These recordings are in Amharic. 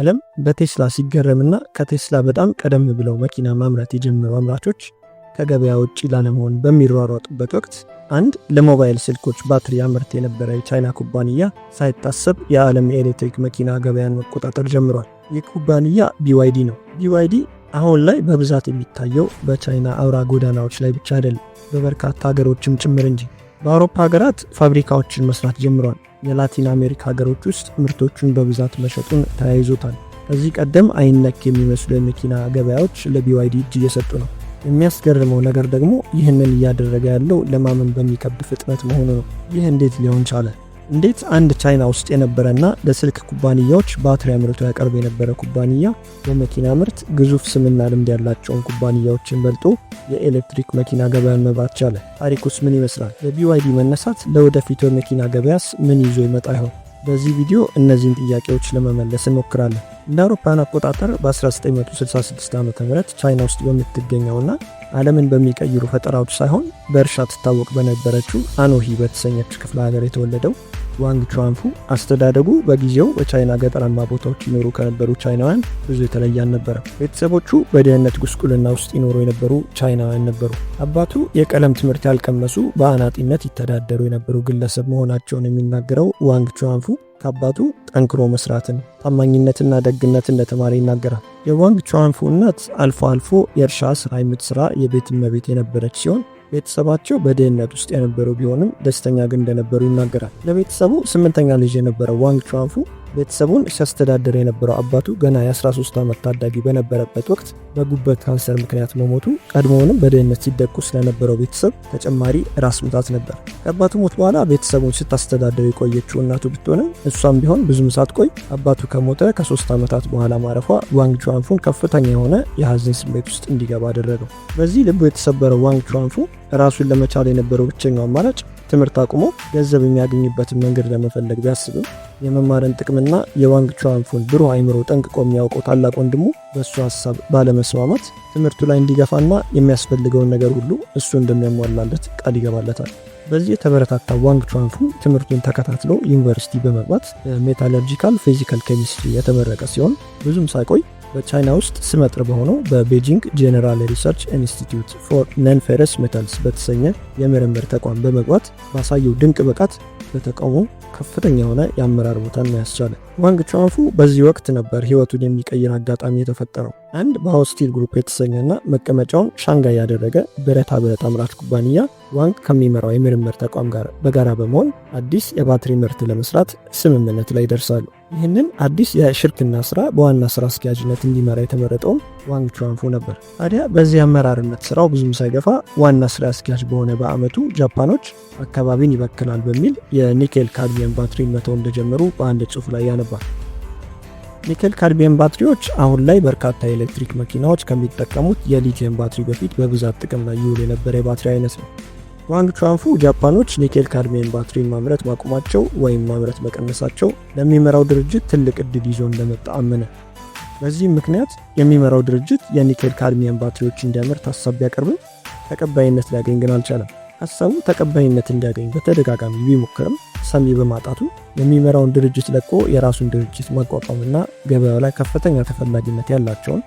ዓለም በቴስላ ሲገረምና ከቴስላ በጣም ቀደም ብለው መኪና ማምረት የጀመሩ አምራቾች ከገበያ ውጭ ላለመሆን በሚሯሯጡበት ወቅት አንድ ለሞባይል ስልኮች ባትሪ አምርት የነበረ የቻይና ኩባንያ ሳይታሰብ የዓለም የኤሌክትሪክ መኪና ገበያን መቆጣጠር ጀምሯል። ይህ ኩባንያ ቢዋይዲ ነው። ቢዋይዲ አሁን ላይ በብዛት የሚታየው በቻይና አውራ ጎዳናዎች ላይ ብቻ አይደለም፣ በበርካታ ሀገሮችም ጭምር እንጂ። በአውሮፓ ሀገራት ፋብሪካዎችን መስራት ጀምሯል። የላቲን አሜሪካ ሀገሮች ውስጥ ምርቶቹን በብዛት መሸጡን ተያይዞታል። ከዚህ ቀደም አይነክ የሚመስሉ የመኪና ገበያዎች ለቢዋይዲ እጅ እየሰጡ ነው። የሚያስገርመው ነገር ደግሞ ይህንን እያደረገ ያለው ለማመን በሚከብድ ፍጥነት መሆኑ ነው። ይህ እንዴት ሊሆን ቻለ? እንዴት አንድ ቻይና ውስጥ የነበረና ለስልክ ኩባንያዎች ባትሪ አምርቶ ያቀርብ የነበረ ኩባንያ በመኪና ምርት ግዙፍ ስምና ልምድ ያላቸውን ኩባንያዎችን በልጦ የኤሌክትሪክ መኪና ገበያን መብራት ቻለ? ታሪኩስ ምን ይመስላል? የቢዋይዲ መነሳት ለወደፊቱ የመኪና ገበያስ ምን ይዞ ይመጣ ይሆን? በዚህ ቪዲዮ እነዚህን ጥያቄዎች ለመመለስ እንሞክራለን። እንደ አውሮፓን አቆጣጠር በ1966 ዓ ም ቻይና ውስጥ በምትገኘውና ዓለምን በሚቀይሩ ፈጠራዎች ሳይሆን በእርሻ ትታወቅ በነበረችው አኖሂ በተሰኘች ክፍለ ሀገር የተወለደው ዋንግ ቹዋንፉ አስተዳደጉ በጊዜው በቻይና ገጠራማ ቦታዎች ይኖሩ ከነበሩ ቻይናውያን ብዙ የተለየ አልነበረም። ቤተሰቦቹ በድህነት ጉስቁልና ውስጥ ይኖሩ የነበሩ ቻይናውያን ነበሩ። አባቱ የቀለም ትምህርት ያልቀመሱ በአናጢነት ይተዳደሩ የነበሩ ግለሰብ መሆናቸውን የሚናገረው ዋንግ ቹዋንፉ ከአባቱ ጠንክሮ መስራትን፣ ታማኝነትና ደግነት እንደተማረ ይናገራል። የዋንግ ቹዋንፉ እናት አልፎ አልፎ የእርሻ ስራ የምትሰራ የቤት እመቤት የነበረች ሲሆን ቤተሰባቸው በድህነት ውስጥ የነበረው ቢሆንም ደስተኛ ግን እንደነበሩ ይናገራል። ለቤተሰቡ ስምንተኛ ልጅ የነበረው ዋንግ አፉ ቤተሰቡን ሲያስተዳድር የነበረው አባቱ ገና የ13 ዓመት ታዳጊ በነበረበት ወቅት በጉበት ካንሰር ምክንያት መሞቱ ቀድሞውንም በድህነት ሲደቁ ስለነበረው ቤተሰብ ተጨማሪ ራስ ምታት ነበር። ከአባቱ ሞት በኋላ ቤተሰቡን ስታስተዳድር የቆየችው እናቱ ብትሆንም እሷም ቢሆን ብዙም ሳትቆይ አባቱ ከሞተ ከሶስት ዓመታት በኋላ ማረፏ ዋንግ ቹዋንፉን ከፍተኛ የሆነ የሀዘን ስሜት ውስጥ እንዲገባ አደረገው። በዚህ ልቡ የተሰበረው ዋንግ ቹዋንፉ ራሱን ለመቻል የነበረው ብቸኛው አማራጭ ትምህርት አቁሞ ገንዘብ የሚያገኝበትን መንገድ ለመፈለግ ቢያስብም የመማርን ጥቅምና የዋንግ ቹዋንፉን ብሩህ አይምሮ ጠንቅቆ የሚያውቀው ታላቅ ወንድሙ በእሱ ሀሳብ ባለመስማማት ትምህርቱ ላይ እንዲገፋና የሚያስፈልገውን ነገር ሁሉ እሱ እንደሚያሟላለት ቃል ይገባለታል። በዚህ የተበረታታ ዋንግ ቹዋንፉ ትምህርቱን ተከታትሎ ዩኒቨርሲቲ በመግባት ሜታለርጂካል ፊዚካል ኬሚስትሪ የተመረቀ ሲሆን ብዙም ሳይቆይ በቻይና ውስጥ ስመጥር በሆነው በቤጂንግ ጄኔራል ሪሰርች ኢንስቲትዩት ፎር ነንፌረስ ሜታልስ በተሰኘ የምርምር ተቋም በመግባት ባሳየው ድንቅ ብቃት በተቃውሞ ከፍተኛ የሆነ የአመራር ቦታን ያስቻለ ዋንግ ቹንፉ በዚህ ወቅት ነበር ህይወቱን የሚቀይር አጋጣሚ የተፈጠረው። አንድ በአውስቲል ግሩፕ የተሰኘና መቀመጫውን ሻንጋይ ያደረገ ብረታ ብረት አምራች ኩባንያ ዋንግ ከሚመራው የምርምር ተቋም ጋር በጋራ በመሆን አዲስ የባትሪ ምርት ለመስራት ስምምነት ላይ ይደርሳሉ። ይህንን አዲስ የሽርክና ስራ በዋና ስራ አስኪያጅነት እንዲመራ የተመረጠውም ዋንግ ቹዋንፉ ነበር። ታዲያ በዚህ አመራርነት ስራው ብዙም ሳይገፋ ዋና ስራ አስኪያጅ በሆነ በአመቱ ጃፓኖች አካባቢን ይበክላል በሚል የኒኬል ካድሚየም ባትሪን መተው እንደጀመሩ በአንድ ጽሁፍ ላይ ያነባል። ኒክል ካልቢየም ባትሪዎች አሁን ላይ በርካታ የኤሌክትሪክ መኪናዎች ከሚጠቀሙት የሊቲየም ባትሪ በፊት በብዛት ጥቅም ላይ ይውል የነበረ የባትሪ አይነት ነው። ዋንግ ቻንፉ ጃፓኖች ኒኬል ካድሚየም ባትሪን ማምረት ማቆማቸው ወይም ማምረት መቀነሳቸው ለሚመራው ድርጅት ትልቅ እድል ይዞ እንደመጣ አመነ። በዚህም ምክንያት የሚመራው ድርጅት የኒኬል ካድሚየም ባትሪዎች እንዲያመርት ሀሳብ ቢያቀርብም ተቀባይነት ሊያገኝ ግን አልቻለም። ሀሳቡ ተቀባይነት እንዲያገኝ በተደጋጋሚ ቢሞክርም ሰሚ በማጣቱ የሚመራውን ድርጅት ለቆ የራሱን ድርጅት ማቋቋምና ገበያው ላይ ከፍተኛ ተፈላጊነት ያላቸውን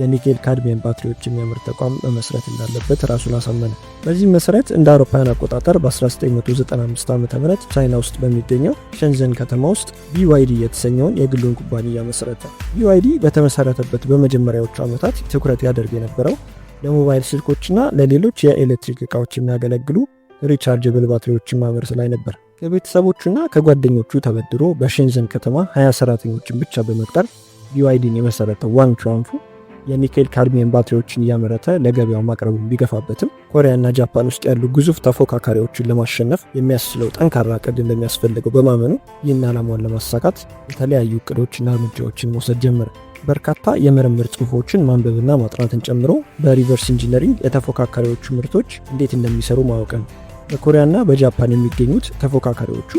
የኒኬል ካድሚየም ባትሪዎች የሚያምር ተቋም በመስረት እንዳለበት ራሱን አሳመነ። በዚህም መሰረት እንደ አውሮፓውያን አቆጣጠር በ1995 ዓ ም ቻይና ውስጥ በሚገኘው ሸንዘን ከተማ ውስጥ ቢዋይዲ የተሰኘውን የግሉን ኩባንያ መሰረተ። ቢዋይዲ በተመሰረተበት በመጀመሪያዎቹ ዓመታት ትኩረት ያደርግ የነበረው ለሞባይል ስልኮችና ለሌሎች የኤሌክትሪክ ዕቃዎች የሚያገለግሉ ሪቻርጅብል ባትሪዎችን ማምረት ላይ ነበር። ከቤተሰቦቹና ከጓደኞቹ ተበድሮ በሼንዘን ከተማ 20 ሰራተኞችን ብቻ በመቅጠር ቢዋይዲን የመሰረተው ዋንግ ቹዋንፉ የኒኬል ካድሚየም ባትሪዎችን እያመረተ ለገበያው ማቅረቡን ቢገፋበትም ኮሪያና ጃፓን ውስጥ ያሉ ግዙፍ ተፎካካሪዎችን ለማሸነፍ የሚያስችለው ጠንካራ ቅድ እንደሚያስፈልገው በማመኑ ይህን ዓላማውን ለማሳካት የተለያዩ እቅዶችና እርምጃዎችን መውሰድ ጀመረ። በርካታ የምርምር ጽሁፎችን ማንበብና ማጥናትን ጨምሮ በሪቨርስ ኢንጂነሪንግ የተፎካካሪዎቹ ምርቶች እንዴት እንደሚሰሩ ማወቅ ነው። በኮሪያና በጃፓን የሚገኙት ተፎካካሪዎቹ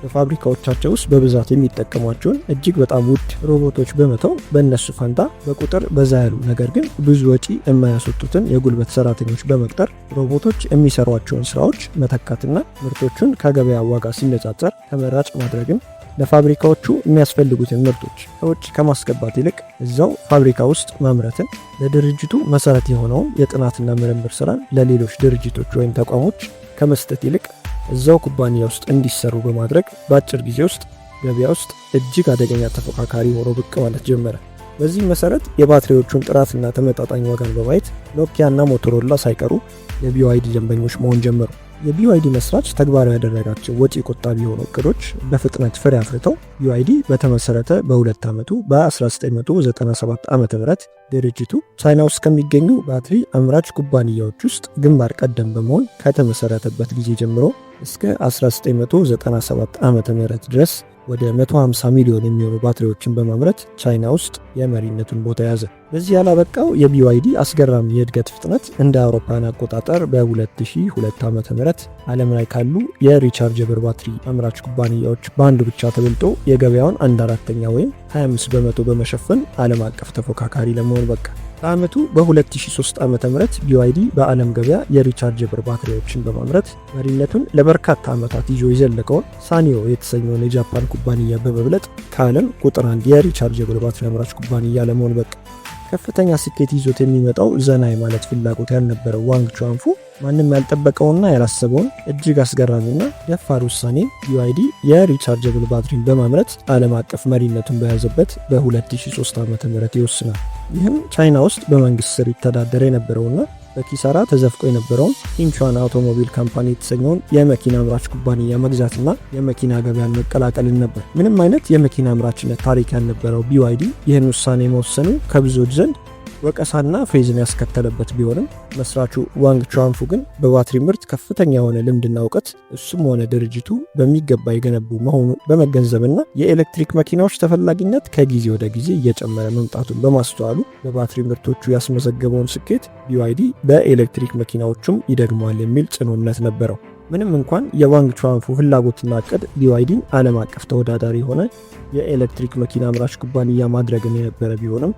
በፋብሪካዎቻቸው ውስጥ በብዛት የሚጠቀሟቸውን እጅግ በጣም ውድ ሮቦቶች በመተው በእነሱ ፈንታ በቁጥር በዛ ያሉ ነገር ግን ብዙ ወጪ የማያስወጡትን የጉልበት ሰራተኞች በመቅጠር ሮቦቶች የሚሰሯቸውን ስራዎች መተካትና ምርቶቹን ከገበያ ዋጋ ሲነጻጸር ተመራጭ ማድረግን ለፋብሪካዎቹ የሚያስፈልጉትን ምርቶች ከውጭ ከማስገባት ይልቅ እዛው ፋብሪካ ውስጥ ማምረትን፣ ለድርጅቱ መሰረት የሆነውን የጥናትና ምርምር ስራን ለሌሎች ድርጅቶች ወይም ተቋሞች ከመስጠት ይልቅ እዛው ኩባንያ ውስጥ እንዲሰሩ በማድረግ በአጭር ጊዜ ውስጥ ገበያ ውስጥ እጅግ አደገኛ ተፎካካሪ ሆኖ ብቅ ማለት ጀመረ። በዚህ መሰረት የባትሪዎቹን ጥራትና ተመጣጣኝ ዋጋን በማየት ኖኪያና ሞቶሮላ ሳይቀሩ የቢዋይድ ደንበኞች መሆን ጀመሩ። የቢዋይዲ መስራች ተግባራዊ ያደረጋቸው ወጪ ቆጣቢ የሆኑ እቅዶች በፍጥነት ፍሬ አፍርተው ቢዋይዲ በተመሰረተ በሁለት ዓመቱ በ1997 ዓ ም ድርጅቱ ቻይና ውስጥ ከሚገኙ ባትሪ አምራች ኩባንያዎች ውስጥ ግንባር ቀደም በመሆን ከተመሰረተበት ጊዜ ጀምሮ እስከ 1997 ዓ ም ድረስ ወደ 150 ሚሊዮን የሚሆኑ ባትሪዎችን በማምረት ቻይና ውስጥ የመሪነቱን ቦታ ያዘ። በዚህ ያላበቃው የቢዋይዲ አስገራሚ የእድገት ፍጥነት እንደ አውሮፓውያን አቆጣጠር በ2002 ዓ ም ዓለም ላይ ካሉ የሪቻርጀብል ባትሪ አምራች ኩባንያዎች በአንዱ ብቻ ተበልጦ የገበያውን አንድ አራተኛ ወይም 25 በመቶ በመሸፈን ዓለም አቀፍ ተፎካካሪ ለመሆን በቃ። በአመቱ በ2003 ዓ ም ቢዋይዲ በዓለም ገበያ የሪቻርጀብል ባትሪዎችን በማምረት መሪነቱን ለበርካታ ዓመታት ይዞ የዘለቀውን ሳኒዮ የተሰኘውን የጃፓን ኩባንያ በመብለጥ ከዓለም ቁጥር አንድ የሪቻርጀብል ባትሪ አምራች ኩባንያ ለመሆን በቃ። ከፍተኛ ስኬት ይዞት የሚመጣው ዘናይ ማለት ፍላጎት ያልነበረው ዋንግ ቹዋንፉ ማንም ያልጠበቀውና ያላሰበውን እጅግ አስገራሚና ደፋር ውሳኔ ዩአይዲ የሪቻርጀብል ባትሪን በማምረት ዓለም አቀፍ መሪነቱን በያዘበት በ2003 ዓ ም ይወስናል። ይህም ቻይና ውስጥ በመንግስት ስር ይተዳደር የነበረውና በኪሳራ ተዘፍቆ የነበረውን ኢንቿን አውቶሞቢል ካምፓኒ የተሰኘውን የመኪና አምራች ኩባንያ መግዛትና የመኪና ገበያን መቀላቀልን ነበር። ምንም አይነት የመኪና አምራችነት ታሪክ ያልነበረው ቢዋይዲ ይህን ውሳኔ መወሰኑ ከብዙዎች ዘንድ ወቀሳና ፌዝን ያስከተለበት ቢሆንም መስራቹ ዋንግ ቻንፉ ግን በባትሪ ምርት ከፍተኛ የሆነ ልምድና እውቀት እሱም ሆነ ድርጅቱ በሚገባ የገነቡ መሆኑ በመገንዘብና የኤሌክትሪክ መኪናዎች ተፈላጊነት ከጊዜ ወደ ጊዜ እየጨመረ መምጣቱን በማስተዋሉ በባትሪ ምርቶቹ ያስመዘገበውን ስኬት ቢዋይዲ በኤሌክትሪክ መኪናዎቹም ይደግመዋል የሚል ጽኑነት ነበረው። ምንም እንኳን የዋንግ ቻንፉ ፍላጎትና እቅድ ቢዋይዲን ዓለም አቀፍ ተወዳዳሪ የሆነ የኤሌክትሪክ መኪና አምራች ኩባንያ ማድረግን የነበረ ቢሆንም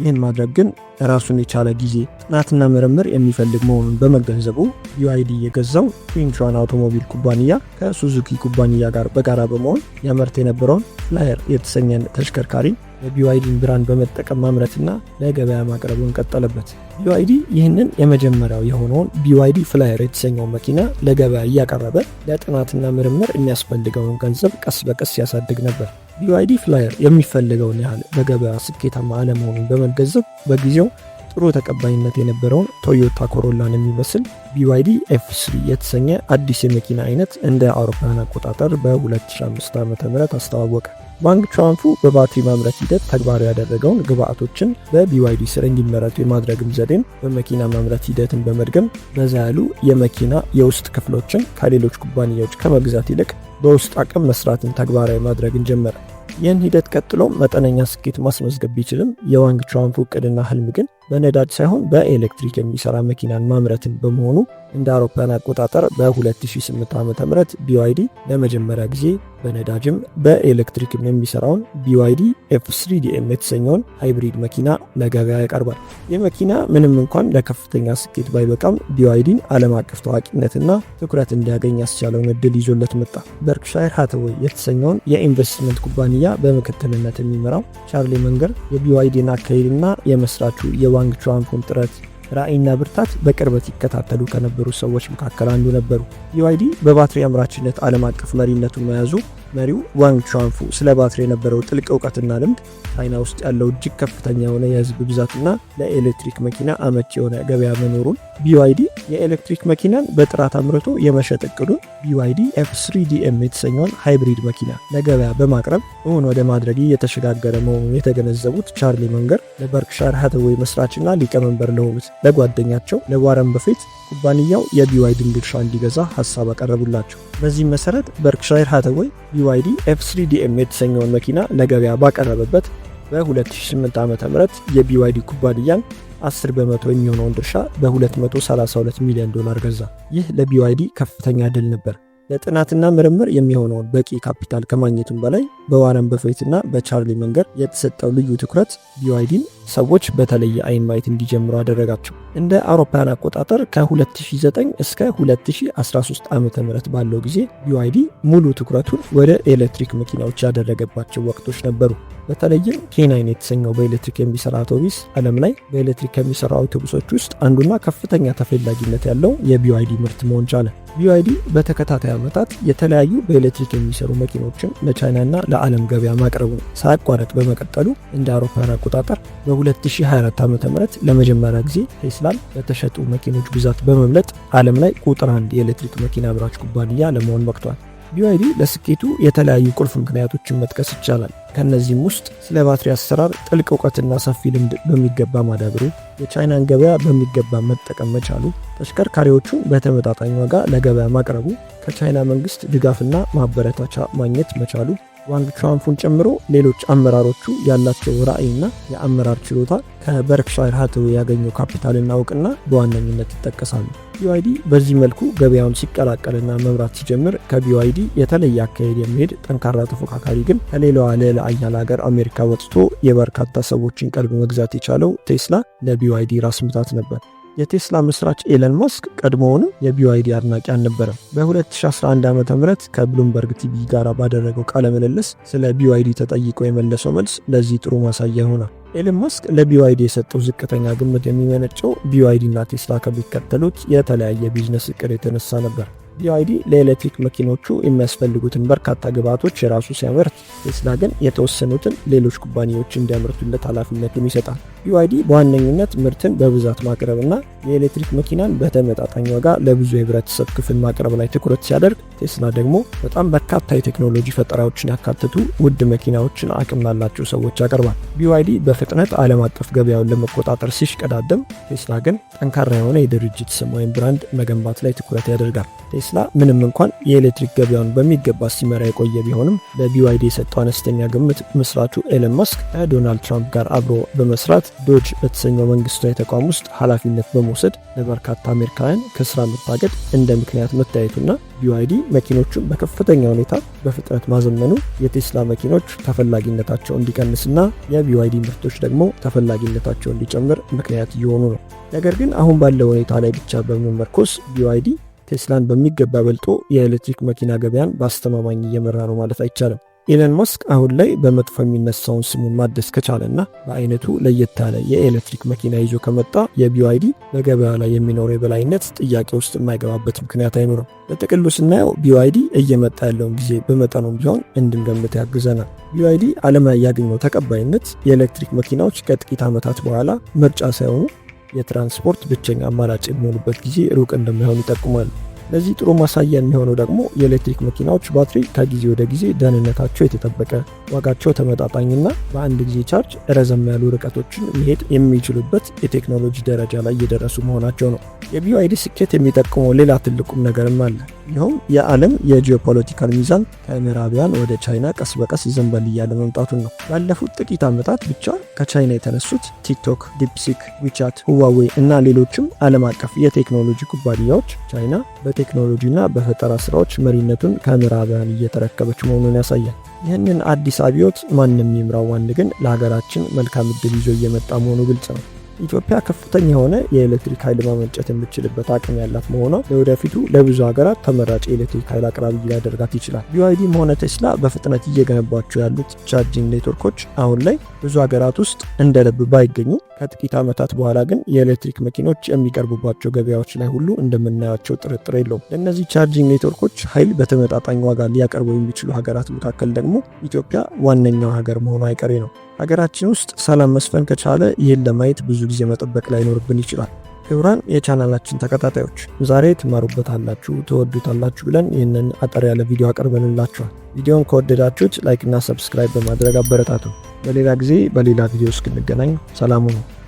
ይህን ማድረግ ግን ራሱን የቻለ ጊዜ ጥናትና ምርምር የሚፈልግ መሆኑን በመገንዘቡ ዩአይዲ የገዛው ዊንቹዋን አውቶሞቢል ኩባንያ ከሱዙኪ ኩባንያ ጋር በጋራ በመሆን ያመርት የነበረውን ፍላየር የተሰኘን ተሽከርካሪ የቢዋይዲን ብራንድ በመጠቀም ማምረትና ለገበያ ማቅረቡን ቀጠለበት። ቢዋይዲ ይህንን የመጀመሪያው የሆነውን ቢዋይዲ ፍላየር የተሰኘውን መኪና ለገበያ እያቀረበ ለጥናትና ምርምር የሚያስፈልገውን ገንዘብ ቀስ በቀስ ያሳድግ ነበር። ቢዋይዲ ፍላየር የሚፈልገውን ያህል በገበያ ስኬታማ አለመሆኑን በመገንዘብ በጊዜው ጥሩ ተቀባይነት የነበረውን ቶዮታ ኮሮላን የሚመስል ቢዋይዲ ኤፍ3 የተሰኘ አዲስ የመኪና አይነት እንደ አውሮፓውያን አቆጣጠር በ 205 ዓ ም አስተዋወቀ። ባንክ ቹዋንፉ በባትሪ ማምረት ሂደት ተግባራዊ ያደረገውን ግብአቶችን በቢዋይዲ ስር እንዲመረቱ የማድረግም ዘዴን በመኪና ማምረት ሂደትን በመድገም በዛ ያሉ የመኪና የውስጥ ክፍሎችን ከሌሎች ኩባንያዎች ከመግዛት ይልቅ በውስጥ አቅም መስራትን ተግባራዊ ማድረግን ጀመረ። ይህን ሂደት ቀጥሎ መጠነኛ ስኬት ማስመዝገብ ቢችልም የዋንግ ቹዋንፉ እቅድና ህልም ግን በነዳጅ ሳይሆን በኤሌክትሪክ የሚሰራ መኪናን ማምረትን በመሆኑ እንደ አውሮፓን አቆጣጠር በ2008 ዓ ም ቢዋይዲ ለመጀመሪያ ጊዜ በነዳጅም በኤሌክትሪክም የሚሰራውን ቢዋይዲ ኤፍ3ዲኤም የተሰኘውን ሃይብሪድ መኪና ለገበያ ያቀርባል። ይህ መኪና ምንም እንኳን ለከፍተኛ ስኬት ባይበቃም ቢዋይዲን ዓለም አቀፍ ታዋቂነትና ትኩረት እንዲያገኝ ያስቻለውን እድል ይዞለት መጣ። በርክሻይር ሃተወይ የተሰኘውን የኢንቨስትመንት ኩባንያ በምክትልነት የሚመራው ቻርሊ መንገር የቢዋይዲን አካሄድና የመስራቹ የዋንግ ቹዋንፉን ጥረት ራዕይና ብርታት በቅርበት ይከታተሉ ከነበሩ ሰዎች መካከል አንዱ ነበሩ። ዩአይዲ በባትሪ አምራችነት ዓለም አቀፍ መሪነቱን መያዙ መሪው ዋንግ ቹዋንፉ ስለ ባትሪ የነበረው ጥልቅ እውቀትና ልምድ ቻይና ውስጥ ያለው እጅግ ከፍተኛ የሆነ የህዝብ ብዛትና ለኤሌክትሪክ መኪና አመች የሆነ ገበያ መኖሩን ቢዋይዲ የኤሌክትሪክ መኪናን በጥራት አምርቶ የመሸጥ እቅዱን ቢዋይዲ ኤፍ3ዲኤም የተሰኘውን ሃይብሪድ መኪና ለገበያ በማቅረብ እውን ወደ ማድረግ እየተሸጋገረ መሆኑን የተገነዘቡት ቻርሊ መንገር ለበርክሻር ሀተዌይ መስራችና ሊቀመንበር ለሆኑት ለጓደኛቸው ለዋረን በፌት ኩባንያው የቢዋይዲን ድርሻ እንዲገዛ ሀሳብ አቀረቡላቸው። በዚህም መሰረት በርክሻር ሀተዌይ ቢዋይዲ ኤፍ3ዲኤም የተሰኘውን መኪና ለገበያ ባቀረበበት በ2008 ዓ ም የቢዋይዲ ኩባንያን 10 በመቶ የሚሆነውን ድርሻ በ232 ሚሊዮን ዶላር ገዛ። ይህ ለቢዋይዲ ከፍተኛ ድል ነበር። ለጥናትና ምርምር የሚሆነውን በቂ ካፒታል ከማግኘቱም በላይ በዋረን በፌትና በቻርሊ መንገድ የተሰጠው ልዩ ትኩረት ቢዋይዲን ሰዎች በተለየ አይን ማየት እንዲጀምሩ አደረጋቸው። እንደ አውሮፓውያን አቆጣጠር ከ2009 እስከ 2013 ዓ ም ባለው ጊዜ ቢዋይዲ ሙሉ ትኩረቱን ወደ ኤሌክትሪክ መኪናዎች ያደረገባቸው ወቅቶች ነበሩ። በተለይም ኬናይን የተሰኘው በኤሌክትሪክ የሚሰራ አውቶቡስ ዓለም ላይ በኤሌክትሪክ ከሚሰራ አውቶቡሶች ውስጥ አንዱና ከፍተኛ ተፈላጊነት ያለው የቢዋይዲ ምርት መሆን ቻለ። ቢዋይዲ በተከታታይ ዓመታት የተለያዩ በኤሌክትሪክ የሚሰሩ መኪኖችን ለቻይናና ለዓለም ገበያ ማቅረቡን ሳያቋረጥ በመቀጠሉ እንደ አውሮፓውያን አቆጣጠር በ 2024 ዓ ም ለመጀመሪያ ጊዜ ቴስላን በተሸጡ መኪኖች ብዛት በመብለጥ ዓለም ላይ ቁጥር አንድ የኤሌክትሪክ መኪና አምራች ኩባንያ ለመሆን በቅቷል። ቢዋይዲ ለስኬቱ የተለያዩ ቁልፍ ምክንያቶችን መጥቀስ ይቻላል። ከእነዚህም ውስጥ ስለ ባትሪ አሰራር ጥልቅ እውቀትና ሰፊ ልምድ በሚገባ ማዳብሩ፣ የቻይናን ገበያ በሚገባ መጠቀም መቻሉ፣ ተሽከርካሪዎቹን በተመጣጣኝ ዋጋ ለገበያ ማቅረቡ፣ ከቻይና መንግስት ድጋፍና ማበረታቻ ማግኘት መቻሉ ዋንግ ቹዋንፉን ጨምሮ ሌሎች አመራሮቹ ያላቸው ራዕይና የአመራር ችሎታ ከበርክሻር ሀትዊ ያገኘው ካፒታልና እውቅና በዋነኝነት ይጠቀሳሉ። ቢዋይዲ በዚህ መልኩ ገበያውን ሲቀላቀልና መምራት ሲጀምር ከቢዋይዲ የተለየ አካሄድ የሚሄድ ጠንካራ ተፎካካሪ ግን ከሌላዋ ልዕለ ኃያል ሀገር አሜሪካ ወጥቶ የበርካታ ሰዎችን ቀልብ መግዛት የቻለው ቴስላ ለቢዋይዲ ራስ ምታት ነበር። የቴስላ መስራች ኤለን ማስክ ቀድሞውን የቢዋይዲ አድናቂ አልነበረም። በ2011 ዓ ም ከብሉምበርግ ቲቪ ጋር ባደረገው ቃለ ምልልስ ስለ ቢዋይዲ ተጠይቆ የመለሰው መልስ ለዚህ ጥሩ ማሳያ ይሆናል። ኤለን ማስክ ለቢዋይዲ የሰጠው ዝቅተኛ ግምት የሚመነጨው ቢዋይዲ እና ቴስላ ከሚከተሉት የተለያየ ቢዝነስ እቅድ የተነሳ ነበር። ቢዋይዲ ለኤሌክትሪክ መኪኖቹ የሚያስፈልጉትን በርካታ ግብዓቶች የራሱ ሲያመርት፣ ቴስላ ግን የተወሰኑትን ሌሎች ኩባንያዎች እንዲያመርቱለት ኃላፊነቱን ይሰጣል። ቢዋይዲ በዋነኝነት ምርትን በብዛት ማቅረብና የኤሌክትሪክ መኪናን በተመጣጣኝ ዋጋ ለብዙ የህብረተሰብ ክፍል ማቅረብ ላይ ትኩረት ሲያደርግ፣ ቴስላ ደግሞ በጣም በርካታ የቴክኖሎጂ ፈጠራዎችን ያካተቱ ውድ መኪናዎችን አቅም ላላቸው ሰዎች ያቀርባል። ቢዋይዲ በፍጥነት ዓለም አቀፍ ገበያውን ለመቆጣጠር ሲሽቀዳደም፣ ቴስላ ግን ጠንካራ የሆነ የድርጅት ስም ወይም ብራንድ መገንባት ላይ ትኩረት ያደርጋል። ቴስላ ምንም እንኳን የኤሌክትሪክ ገበያውን በሚገባ ሲመራ የቆየ ቢሆንም ለቢዋይዲ የሰጠው አነስተኛ ግምት መስራቹ ኤለን መስክ ከዶናልድ ትራምፕ ጋር አብሮ በመስራት ዶጅ በተሰኘው መንግስታዊ ተቋም ውስጥ ኃላፊነት በመውሰድ ለበርካታ አሜሪካውያን ከስራ መታገድ እንደ ምክንያት መታየቱና ቢዋይዲ መኪኖቹን በከፍተኛ ሁኔታ በፍጥነት ማዘመኑ የቴስላ መኪኖች ተፈላጊነታቸው እንዲቀንስና የቢዋይዲ ምርቶች ደግሞ ተፈላጊነታቸው እንዲጨምር ምክንያት እየሆኑ ነው። ነገር ግን አሁን ባለው ሁኔታ ላይ ብቻ በመመርኮስ ቢዋይዲ ቴስላን በሚገባ በልጦ የኤሌክትሪክ መኪና ገበያን በአስተማማኝ እየመራ ነው ማለት አይቻልም። ኢለን መስክ አሁን ላይ በመጥፎ የሚነሳውን ስሙን ማደስ ከቻለና በአይነቱ ለየት ያለ የኤሌክትሪክ መኪና ይዞ ከመጣ የቢዋይዲ በገበያ ላይ የሚኖረው የበላይነት ጥያቄ ውስጥ የማይገባበት ምክንያት አይኖርም። በጥቅሉ ስናየው ቢዋይዲ እየመጣ ያለውን ጊዜ በመጠኑም ቢሆን እንድንገምት ያግዘናል። ቢዋይዲ ዓለም ላይ ያገኘው ተቀባይነት የኤሌክትሪክ መኪናዎች ከጥቂት ዓመታት በኋላ ምርጫ ሳይሆኑ የትራንስፖርት ብቸኛ አማራጭ የሚሆኑበት ጊዜ ሩቅ እንደማይሆን ይጠቁማል። ለዚህ ጥሩ ማሳያ የሚሆነው ደግሞ የኤሌክትሪክ መኪናዎች ባትሪ ከጊዜ ወደ ጊዜ ደህንነታቸው የተጠበቀ ዋጋቸው ተመጣጣኝና በአንድ ጊዜ ቻርጅ ረዘም ያሉ ርቀቶችን መሄድ የሚችሉበት የቴክኖሎጂ ደረጃ ላይ እየደረሱ መሆናቸው ነው። የቢዋይዲ ስኬት የሚጠቅመው ሌላ ትልቁም ነገርም አለ። ይኸውም የዓለም የጂኦፖለቲካል ሚዛን ከምዕራቢያን ወደ ቻይና ቀስ በቀስ ዘንበል እያለ መምጣቱን ነው። ባለፉት ጥቂት ዓመታት ብቻ ከቻይና የተነሱት ቲክቶክ፣ ዲፕሲክ፣ ዊቻት፣ ሁዋዌ እና ሌሎችም ዓለም አቀፍ የቴክኖሎጂ ኩባንያዎች ቻይና በቴክኖሎጂና በፈጠራ ስራዎች መሪነቱን ከምዕራቢያን እየተረከበች መሆኑን ያሳያል። ይህንን አዲስ አብዮት ማንም ይምራው ዋንድ ግን ለሀገራችን መልካም እድል ይዞ እየመጣ መሆኑ ግልጽ ነው። ኢትዮጵያ ከፍተኛ የሆነ የኤሌክትሪክ ኃይል ማመንጨት የምችልበት አቅም ያላት መሆኗ ለወደፊቱ ለብዙ ሀገራት ተመራጭ የኤሌክትሪክ ኃይል አቅራቢ ሊያደርጋት ይችላል። ቢዋይዲም ሆነ ቴስላ በፍጥነት እየገነባቸው ያሉት ቻርጂንግ ኔትወርኮች አሁን ላይ ብዙ ሀገራት ውስጥ እንደ ልብ ባይገኙ ከጥቂት ዓመታት በኋላ ግን የኤሌክትሪክ መኪኖች የሚቀርቡባቸው ገበያዎች ላይ ሁሉ እንደምናያቸው ጥርጥር የለውም። ለእነዚህ ቻርጂንግ ኔትወርኮች ኃይል በተመጣጣኝ ዋጋ ሊያቀርቡ የሚችሉ ሀገራት መካከል ደግሞ ኢትዮጵያ ዋነኛው ሀገር መሆኑ አይቀሬ ነው። ሀገራችን ውስጥ ሰላም መስፈን ከቻለ ይህን ለማየት ብዙ ጊዜ መጠበቅ ላይኖርብን ይችላል። ክቡራን የቻናላችን ተከታታዮች ዛሬ ትማሩበታላችሁ፣ ትወዱታላችሁ ብለን ይህንን አጠር ያለ ቪዲዮ አቅርበንላችኋል። ቪዲዮን ከወደዳችሁት እና ሰብስክራይብ በማድረግ አበረታቱ። በሌላ ጊዜ በሌላ ቪዲዮ እስክንገናኝ ሰላሙ ሁኑ።